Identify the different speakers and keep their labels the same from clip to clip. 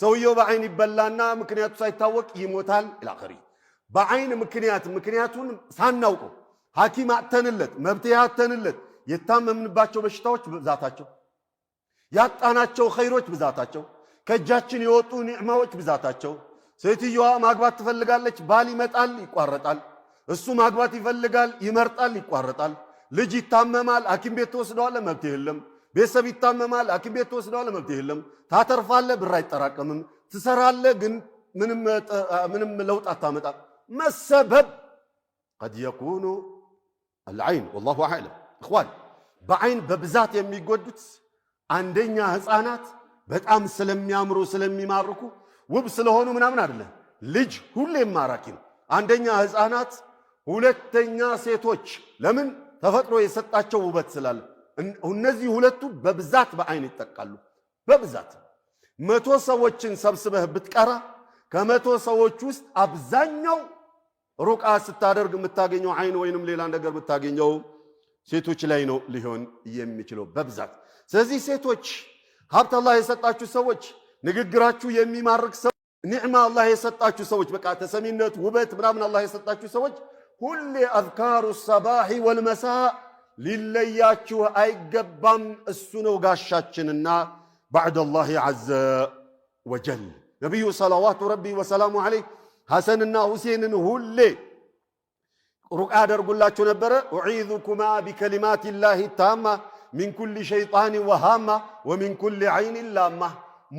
Speaker 1: ሰውየው በአይን ይበላና ምክንያቱ ሳይታወቅ ይሞታል። ላሪ በአይን ምክንያት ምክንያቱን ሳናውቀው ሐኪም አተንለት መብትሄ አተንለት የታመምንባቸው በሽታዎች ብዛታቸው፣ ያጣናቸው ኸይሮች ብዛታቸው፣ ከእጃችን የወጡ ኒዕማዎች ብዛታቸው። ሴትየዋ ማግባት ትፈልጋለች፣ ባል ይመጣል፣ ይቋረጣል። እሱ ማግባት ይፈልጋል፣ ይመርጣል፣ ይቋረጣል። ልጅ ይታመማል፣ ሐኪም ቤት ተወስደዋለ፣ መብት የለም። ቤተሰብ ይታመማል፣ ሐኪም ቤት ትወስደዋለህ፣ መብት የለም። ታተርፋለህ፣ ብር አይጠራቀምም። ትሰራለህ፣ ግን ምንም ለውጥ አታመጣም። መሰበብ ቀድ የኩኑ አልዓይን ወላሁ አዕለም። እኽዋን በዓይን በብዛት የሚጎዱት አንደኛ ህፃናት በጣም ስለሚያምሩ ስለሚማርኩ ውብ ስለሆኑ ምናምን አይደለም። ልጅ ሁሌም ማራኪ ነው። አንደኛ ህፃናት ሁለተኛ ሴቶች። ለምን? ተፈጥሮ የሰጣቸው ውበት ስላለ እነዚህ ሁለቱ በብዛት በአይን ይጠቃሉ። በብዛት መቶ ሰዎችን ሰብስበህ ብትቀራ ከመቶ ሰዎች ውስጥ አብዛኛው ሩቃ ስታደርግ የምታገኘው አይን ወይንም ሌላ ነገር የምታገኘው ሴቶች ላይ ነው ሊሆን የሚችለው በብዛት። ስለዚህ ሴቶች ሀብት አላህ የሰጣችሁ ሰዎች፣ ንግግራችሁ የሚማርክ ሰው፣ ኒዕማ አላህ የሰጣችሁ ሰዎች፣ በቃ ተሰሚነት፣ ውበት ምናምን አላህ የሰጣችሁ ሰዎች ሁሌ አዝካሩ ሰባሒ ወልመሳ ሊለያችሁ አይገባም። እሱ ነው ጋሻችንና ባዕደላህ ዐዘ ወጀል ነቢዩ ሰላዋቱ ረቢ ወሰላሙ ዐለይህ ሐሰንና ሁሴንን ሁሌ ሩቃ ያደርጉላቸው ነበረ። ኡዒዙኩማ ቢከሊማት ላህ ታማ ሚን ኩል ሸይጣን ወሃማ ወሚን ኩል ዐይን ላማ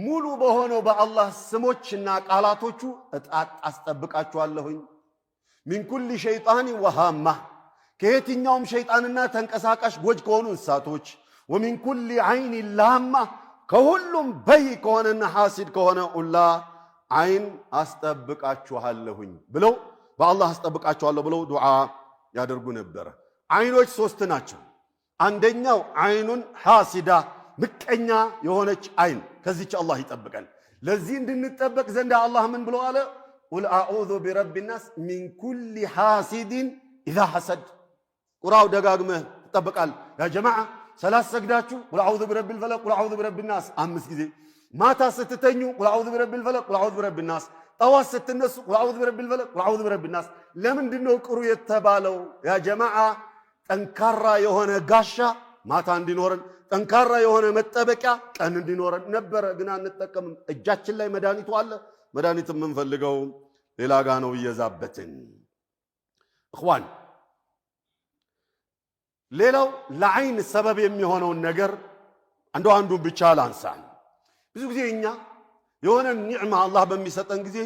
Speaker 1: ሙሉ በሆነው በአላህ ስሞችና ቃላቶቹ እጣት አስጠብቃችኋለሁኝ። ሚን ኩል ሸይጣን ወሃማ ከየትኛውም ሸይጣንና ተንቀሳቃሽ ጎጅ ከሆኑ እንስሳቶች ወሚን ኩሊ ዓይን ላማ ከሁሉም በይ ከሆነና ሐሲድ ከሆነ ኡላ ዓይን አስጠብቃችኋለሁኝ ብለው በአላህ አስጠብቃችኋለሁ ብለው ዱዓ ያደርጉ ነበረ። ዓይኖች ሶስት ናቸው። አንደኛው ዓይኑን ሐሲዳ ምቀኛ የሆነች ዓይን ከዚች አላህ ይጠብቀን። ለዚህ እንድንጠበቅ ዘንድ አላህ ምን ብሎ አለ? ቁል አዑዙ ቢረቢ ናስ ሚን ኩሊ ሐሲድን ኢዛ ሐሰድ ቁራው ደጋግመህ ትጠበቃል። ያ ጀማዓ ሰላት ሰግዳችሁ ቁል አዑዙ ቢረቢል ፈለቅ፣ ቁል አዑዙ ቢረቢን ናስ አምስት ጊዜ፣ ማታ ስትተኙ ቁል አዑዙ ቢረቢል ፈለቅ፣ ቁል አዑዙ ቢረቢን ናስ፣ ጠዋት ስትነሱ ቁል አዑዙ ቢረቢል ፈለቅ፣ ቁል አዑዙ ቢረቢን ናስ። ለምንድን ነው ቅሩ የተባለው? ያ ጀማዓ ጠንካራ የሆነ ጋሻ ማታ እንዲኖረን ጠንካራ የሆነ መጠበቂያ ቀን እንዲኖረን ነበረ። ግን አንጠቀምም። እጃችን ላይ መድኃኒቱ አለ። መድኃኒት የምንፈልገው ሌላ ጋ ነው እየዛበትን እኽዋን ሌላው ለአይን ሰበብ የሚሆነውን ነገር አንዱ አንዱን ብቻ ላንሳ። ብዙ ጊዜ እኛ የሆነን ኒዕማ አላህ በሚሰጠን ጊዜ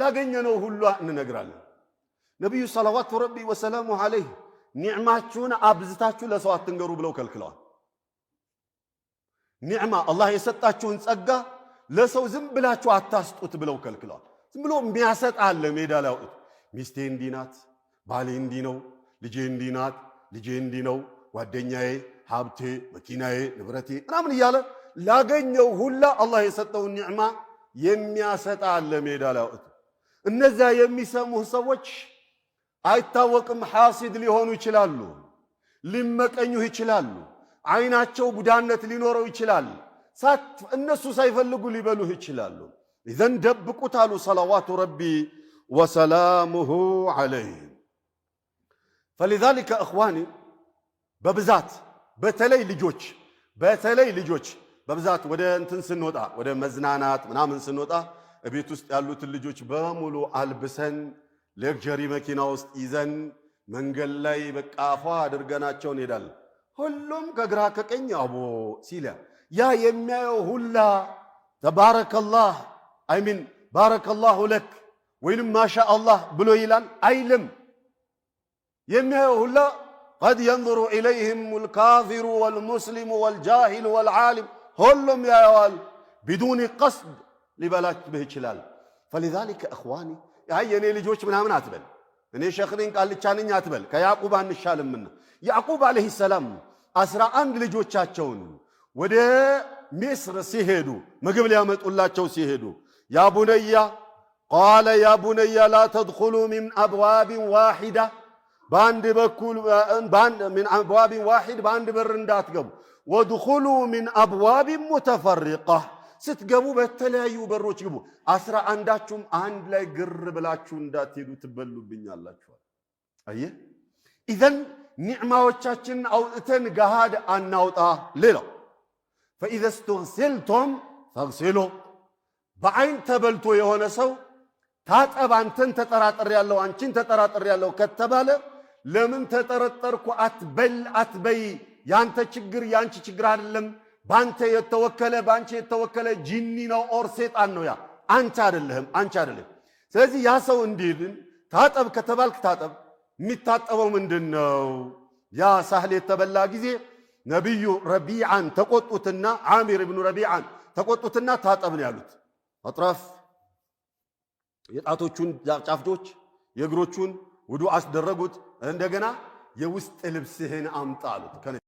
Speaker 1: ላገኘነው ሁሉ እንነግራለን። ነቢዩ ሰላዋቱ ረቢ ወሰላሙ አለይህ ኒዕማችሁን አብዝታችሁ ለሰው አትንገሩ ብለው ከልክለዋል። ኒዕማ አላህ የሰጣችሁን ጸጋ ለሰው ዝም ብላችሁ አታስጡት ብለው ከልክለዋል። ዝም ብሎ የሚያሰጥ አለ ሜዳ ላይ ሚስቴ እንዲናት፣ ባሌ እንዲህ ነው፣ ልጄ እንዲህ ናት ልጄ እንዲህ ነው፣ ጓደኛዬ፣ ሀብቴ፣ መኪናዬ፣ ንብረቴ ምናምን እያለ ላገኘው ሁላ አላህ የሰጠውን ኒዕማ የሚያሰጣ አለ። ሜዳ ላይ አውጥቶ እነዚያ የሚሰሙህ ሰዎች አይታወቅም፣ ሐሲድ ሊሆኑ ይችላሉ፣ ሊመቀኙህ ይችላሉ፣ ዓይናቸው ቡዳነት ሊኖረው ይችላል፣ እነሱ ሳይፈልጉ ሊበሉህ ይችላሉ። ኢዘን ደብቁት አሉ ሰላዋቱ ረቢ ወሰላሙሁ ዓለይህ ፈሊዛሊከ እኽዋኒ በብዛት በተለይ ልጆች በተለይ ልጆች በብዛት ወደ እንትን ስንወጣ ወደ መዝናናት ምናምን ስንወጣ ቤት ውስጥ ያሉትን ልጆች በሙሉ አልብሰን ሌክጀሪ መኪና ውስጥ ይዘን መንገድ ላይ በቃ አፏ አድርገናቸው እንሄዳለን። ሁሉም ከግራ ከቀኝ አቦ ሲለ ያ የሚያየው ሁላ ተባረከላህ አይሚን ባረከላሁ ለክ ወይንም ማሻ አላህ ብሎ ይላል አይልም። የሚያየው ሁላ ቀድ የንظሩ ኢለይህም ልካፊሩ ወልሙስሊሙ ወልጃሂሉ ወልዓሊም ሁሉም ያየዋል። ቢዱኒ ቀስድ ሊበላብህ ይችላል። ፈሊዛሊከ እኽዋኒ አይ የእኔ ልጆች ምናምን አትበል፣ እኔ ሸኽኒን ቃልቻንኝ አትበል። ከያዕቁብ አንሻልምና ያዕቁብ ዓለይህ ሰላም አስራ አንድ ልጆቻቸውን ወደ ሚስር ሲሄዱ ምግብ ሊያመጡላቸው ሲሄዱ ያ ቡነያ ቃለ ያ ቡነያ ላ ተድኹሉ ሚን አብዋብን ዋሒዳ በአንድ በኩል ሚን አብዋቢን ዋሂድ በአንድ በር እንዳትገቡ፣ ወድኹሉ ሚን አብዋቢን ሙተፈሪቃ ስትገቡ በተለያዩ በሮች ግቡ። አስራ አንዳችሁም አንድ ላይ ግር ብላችሁ እንዳትሄዱ ትበሉብኛላችኋል። አየህ፣ ኢዘን ኒዕማዎቻችንን አውጥተን ገሃድ አናውጣ። ሌላው ፈኢዘ ስትግሲልቶም ተግሲሎ በዐይን ተበልቶ የሆነ ሰው ታጠብ፣ አንተን ተጠራጥሬ አንቺን ተጠራጥሬ ያለው ከተባለ ለምን ተጠረጠርኩ አትበል አትበይ። ያንተ ችግር ያንቺ ችግር አይደለም። ባንተ የተወከለ ባንቺ የተወከለ ጂኒ ነው ኦር ሴጣን ነው ያ አንቺ አይደለህም አንቺ አይደለም። ስለዚህ ያ ሰው እንዲልን ታጠብ ከተባልክ ታጠብ። የሚታጠበው ምንድን ነው? ያ ሳህል የተበላ ጊዜ ነቢዩ ረቢዓን ተቆጡትና ዓሚር ብኑ ረቢዓን ተቆጡትና ታጠብ ነው ያሉት። አጥራፍ የጣቶቹን ጫፍዶች የእግሮቹን ውዱ አስደረጉት። እንደገና የውስጥ ልብስህን አምጣ አሉት።